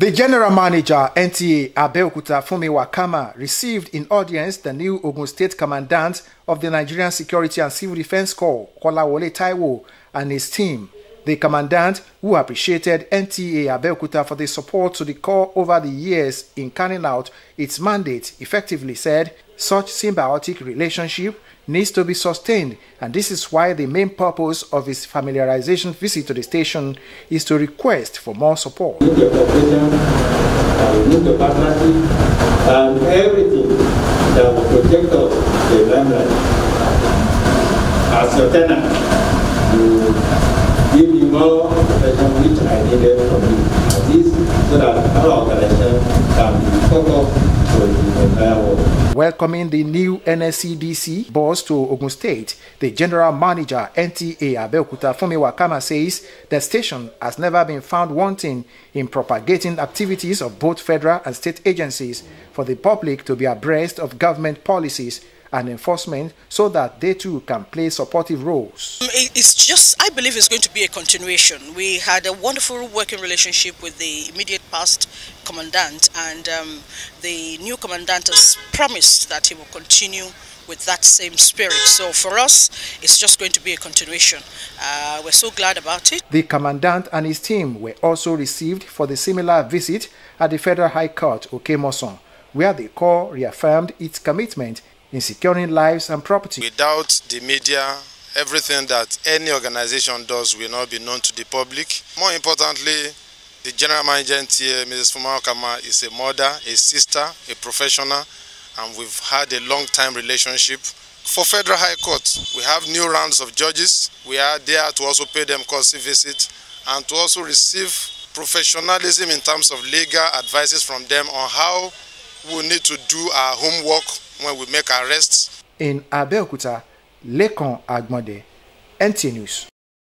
The general manager, NTA Abeokuta Fumi Wakama, received in audience the new Ogun State Commandant of the Nigerian Security and Civil Defense Corps, Kola Wole Taiwo, and his team. The commandant, who appreciated NTA Abeokuta for the support to the Corps over the years in carrying out its mandate, effectively said, such symbiotic relationship needs to be sustained and this is why the main purpose of his familiarization visit to the station is to request for more support. We cooperation, uh, partnership and everything that will protect us, the as your tenant more which I needed so that our organization can be focused the Welcoming the new NSCDC boss to Ogun State, the general manager NTA Abeokuta Fumi Wakama says the station has never been found wanting in propagating activities of both federal and state agencies for the public to be abreast of government policies and enforcement so that they too can play supportive roles. Um, it's just, I believe it's going to be a continuation. We had a wonderful working relationship with the immediate past commandant, and um, the new commandant has promised that he will continue with that same spirit. So for us, it's just going to be a continuation. Uh, we're so glad about it. The commandant and his team were also received for the similar visit at the Federal High Court, Okemoson, where the Corps reaffirmed its commitment in securing lives and property. Without the media, everything that any organization does will not be known to the public. More importantly, the general manager here, Mrs. Fumao Kama, is a mother, a sister, a professional, and we've had a long time relationship. For Federal High Court, we have new rounds of judges. We are there to also pay them courtesy visit and to also receive professionalism in terms of legal advices from them on how we need to do our homework when we make arrests. in Abeokuta, Lekan Agbonde, NT News.